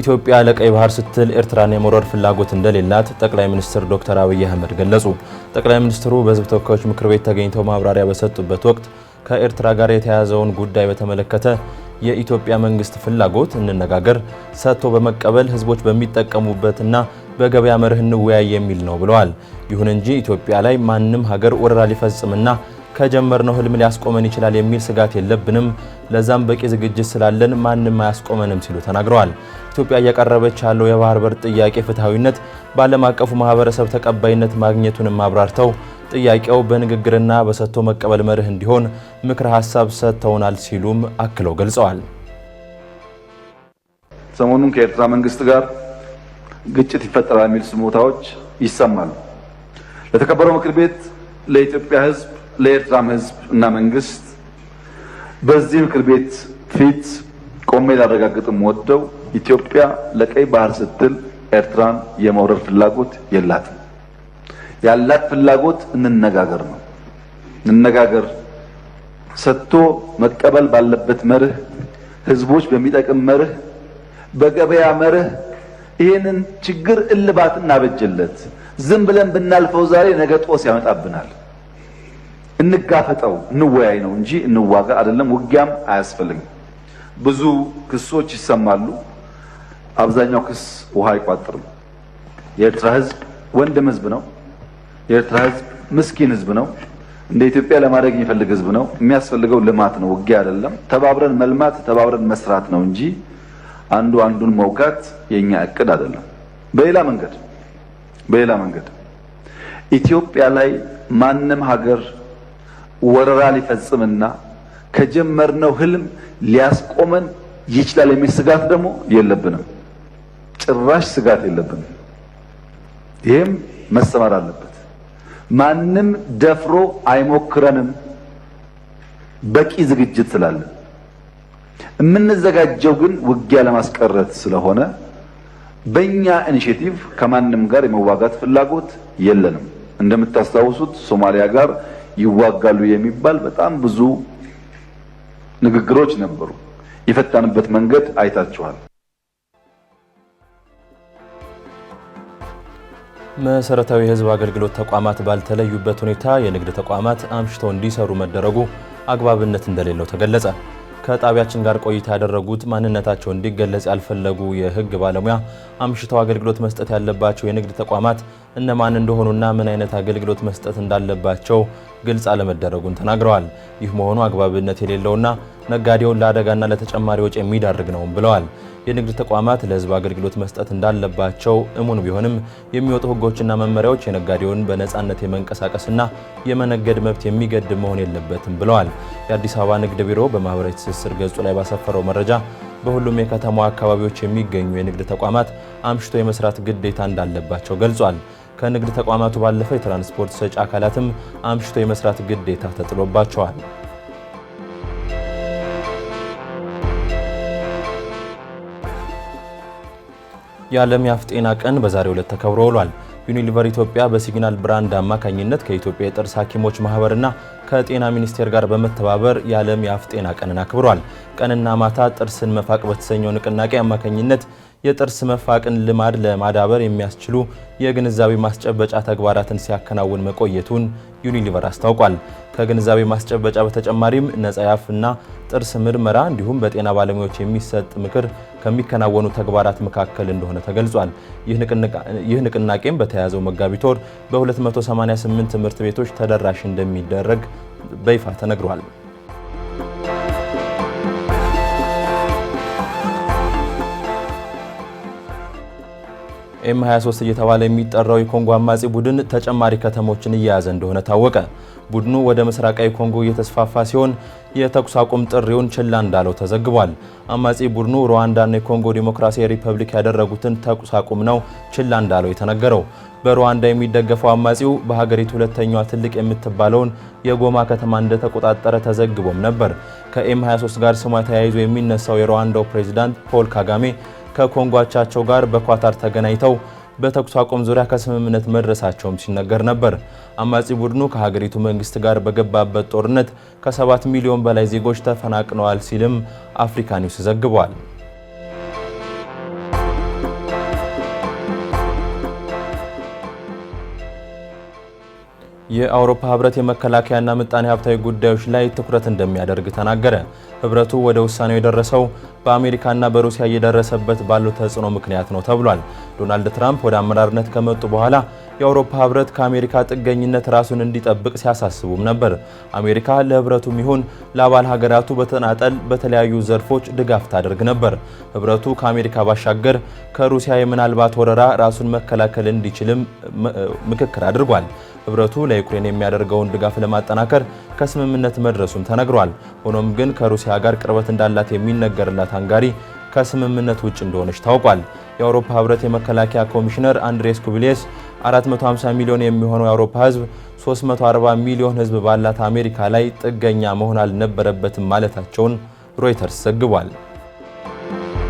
ኢትዮጵያ ለቀይ ባህር ስትል ኤርትራን የመውረር ፍላጎት እንደሌላት ጠቅላይ ሚኒስትር ዶክተር አብይ አህመድ ገለጹ። ጠቅላይ ሚኒስትሩ በህዝብ ተወካዮች ምክር ቤት ተገኝተው ማብራሪያ በሰጡበት ወቅት ከኤርትራ ጋር የተያያዘውን ጉዳይ በተመለከተ የኢትዮጵያ መንግስት ፍላጎት እንነጋገር፣ ሰጥቶ በመቀበል ህዝቦች በሚጠቀሙበትና በገበያ መርህ እንወያይ የሚል ነው ብለዋል። ይሁን እንጂ ኢትዮጵያ ላይ ማንም ሀገር ወረራ ሊፈጽምና ከጀመርነው ህልም ሊያስቆመን ይችላል የሚል ስጋት የለብንም። ለዛም በቂ ዝግጅት ስላለን ማንም አያስቆመንም ሲሉ ተናግረዋል። ኢትዮጵያ እያቀረበች ያለው የባህር በር ጥያቄ ፍትሐዊነት በዓለም አቀፉ ማህበረሰብ ተቀባይነት ማግኘቱንም አብራርተው ጥያቄው በንግግርና በሰጥቶ መቀበል መርህ እንዲሆን ምክረ ሀሳብ ሰጥተውናል ሲሉም አክለው ገልጸዋል። ሰሞኑን ከኤርትራ መንግስት ጋር ግጭት ይፈጠራል የሚል ስሞታዎች ይሰማሉ። ለተከበረው ምክር ቤት ለኢትዮጵያ ህዝብ ለኤርትራም ህዝብ እና መንግስት በዚህ ምክር ቤት ፊት ቆሜ ላረጋግጥም ወደው ኢትዮጵያ ለቀይ ባህር ስትል ኤርትራን የመውረር ፍላጎት የላትም። ያላት ፍላጎት እንነጋገር ነው። እንነጋገር ሰጥቶ መቀበል ባለበት መርህ፣ ህዝቦች በሚጠቅም መርህ፣ በገበያ መርህ ይህንን ችግር እልባት እናበጀለት። ዝም ብለን ብናልፈው ዛሬ ነገ ጦስ ያመጣብናል። እንጋፈጠው፣ እንወያይ ነው እንጂ እንዋጋ አይደለም። ውጊያም አያስፈልግም። ብዙ ክሶች ይሰማሉ። አብዛኛው ክስ ውሃ አይቋጥርም። የኤርትራ ህዝብ ወንድም ህዝብ ነው። የኤርትራ ህዝብ ምስኪን ህዝብ ነው። እንደ ኢትዮጵያ ለማድረግ የሚፈልግ ህዝብ ነው። የሚያስፈልገው ልማት ነው፣ ውጊያ አይደለም። ተባብረን መልማት፣ ተባብረን መስራት ነው እንጂ አንዱ አንዱን መውጋት የኛ እቅድ አይደለም። በሌላ መንገድ በሌላ መንገድ ኢትዮጵያ ላይ ማንም ሀገር ወረራ ሊፈጽምና ከጀመርነው ህልም ሊያስቆመን ይችላል የሚል ስጋት ደግሞ የለብንም። ጭራሽ ስጋት የለብንም። ይህም መሰማር አለበት። ማንም ደፍሮ አይሞክረንም በቂ ዝግጅት ስላለን። የምንዘጋጀው ግን ውጊያ ለማስቀረት ስለሆነ በእኛ ኢኒሽቲቭ ከማንም ጋር የመዋጋት ፍላጎት የለንም። እንደምታስታውሱት ሶማሊያ ጋር ይዋጋሉ የሚባል በጣም ብዙ ንግግሮች ነበሩ። የፈታንበት መንገድ አይታችኋል። መሰረታዊ የህዝብ አገልግሎት ተቋማት ባልተለዩበት ሁኔታ የንግድ ተቋማት አምሽተው እንዲሰሩ መደረጉ አግባብነት እንደሌለው ተገለጸ። ከጣቢያችን ጋር ቆይታ ያደረጉት ማንነታቸው እንዲገለጽ ያልፈለጉ የህግ ባለሙያ አምሽተው አገልግሎት መስጠት ያለባቸው የንግድ ተቋማት እነማን እንደሆኑና ምን አይነት አገልግሎት መስጠት እንዳለባቸው ግልጽ አለመደረጉን ተናግረዋል። ይህ መሆኑ አግባብነት የሌለውና ነጋዴውን ለአደጋና ለተጨማሪ ወጪ የሚዳርግ ነው ብለዋል። የንግድ ተቋማት ለሕዝብ አገልግሎት መስጠት እንዳለባቸው እሙን ቢሆንም የሚወጡ ሕጎችና መመሪያዎች የነጋዴውን በነፃነት የመንቀሳቀስና የመነገድ መብት የሚገድ መሆን የለበትም ብለዋል። የአዲስ አበባ ንግድ ቢሮ በማህበራዊ ትስስር ገጹ ላይ ባሰፈረው መረጃ በሁሉም የከተማ አካባቢዎች የሚገኙ የንግድ ተቋማት አምሽቶ የመስራት ግዴታ እንዳለባቸው ገልጿል። ከንግድ ተቋማቱ ባለፈ የትራንስፖርት ሰጪ አካላትም አምሽቶ የመስራት ግዴታ ተጥሎባቸዋል። የዓለም የአፍ ጤና ቀን በዛሬው ዕለት ተከብሮ ውሏል። ዩኒሊቨር ኢትዮጵያ በሲግናል ብራንድ አማካኝነት ከኢትዮጵያ የጥርስ ሐኪሞች ማህበርና ከጤና ሚኒስቴር ጋር በመተባበር የዓለም የአፍ ጤና ቀንን አክብሯል። ቀንና ማታ ጥርስን መፋቅ በተሰኘው ንቅናቄ አማካኝነት የጥርስ መፋቅን ልማድ ለማዳበር የሚያስችሉ የግንዛቤ ማስጨበጫ ተግባራትን ሲያከናውን መቆየቱን ዩኒሊቨር አስታውቋል። ከግንዛቤ ማስጨበጫ በተጨማሪም ነጻ የአፍና ጥርስ ምርመራ እንዲሁም በጤና ባለሙያዎች የሚሰጥ ምክር ከሚከናወኑ ተግባራት መካከል እንደሆነ ተገልጿል። ይህ ንቅናቄም በተያያዘው መጋቢት ወር በ288 ትምህርት ቤቶች ተደራሽ እንደሚደረግ በይፋ ተነግሯል። ኤም 23 እየተባለ የሚጠራው የኮንጎ አማጺ ቡድን ተጨማሪ ከተሞችን እየያዘ እንደሆነ ታወቀ። ቡድኑ ወደ ምስራቃዊ ኮንጎ እየተስፋፋ ሲሆን የተኩስ አቁም ጥሪውን ችላ እንዳለው ተዘግቧል። አማጺ ቡድኑ ሩዋንዳና የኮንጎ ዲሞክራሲያዊ ሪፐብሊክ ያደረጉትን ተኩስ አቁም ነው ችላ እንዳለው የተነገረው። በሩዋንዳ የሚደገፈው አማጺው በሀገሪቱ ሁለተኛዋ ትልቅ የምትባለውን የጎማ ከተማ እንደተቆጣጠረ ተዘግቦም ነበር። ከኤም 23 ጋር ስሟ ተያይዞ የሚነሳው የሩዋንዳው ፕሬዚዳንት ፖል ካጋሜ ከኮንጓቻቸው ጋር በኳታር ተገናኝተው በተኩስ አቁም ዙሪያ ከስምምነት መድረሳቸውም ሲነገር ነበር። አማጺ ቡድኑ ከሀገሪቱ መንግስት ጋር በገባበት ጦርነት ከ7 ሚሊዮን በላይ ዜጎች ተፈናቅለዋል ሲልም አፍሪካ ኒውስ ዘግቧል። የአውሮፓ ህብረት የመከላከያና ምጣኔ ሀብታዊ ጉዳዮች ላይ ትኩረት እንደሚያደርግ ተናገረ። ህብረቱ ወደ ውሳኔው የደረሰው በአሜሪካና በሩሲያ እየደረሰበት ባለው ተጽዕኖ ምክንያት ነው ተብሏል። ዶናልድ ትራምፕ ወደ አመራርነት ከመጡ በኋላ የአውሮፓ ህብረት ከአሜሪካ ጥገኝነት ራሱን እንዲጠብቅ ሲያሳስቡም ነበር። አሜሪካ ለህብረቱም ይሁን ለአባል ሀገራቱ በተናጠል በተለያዩ ዘርፎች ድጋፍ ታደርግ ነበር። ህብረቱ ከአሜሪካ ባሻገር ከሩሲያ የምናልባት ወረራ ራሱን መከላከል እንዲችልም ምክክር አድርጓል። ህብረቱ ለዩክሬን የሚያደርገውን ድጋፍ ለማጠናከር ከስምምነት መድረሱም ተነግሯል። ሆኖም ግን ከሩሲያ ጋር ቅርበት እንዳላት የሚነገርላት አንጋሪ ከስምምነት ውጭ እንደሆነች ታውቋል። የአውሮፓ ህብረት የመከላከያ ኮሚሽነር አንድሬስ ኩቢሌስ 450 ሚሊዮን የሚሆነው የአውሮፓ ህዝብ 340 ሚሊዮን ህዝብ ባላት አሜሪካ ላይ ጥገኛ መሆን አልነበረበትም ማለታቸውን ሮይተርስ ዘግቧል።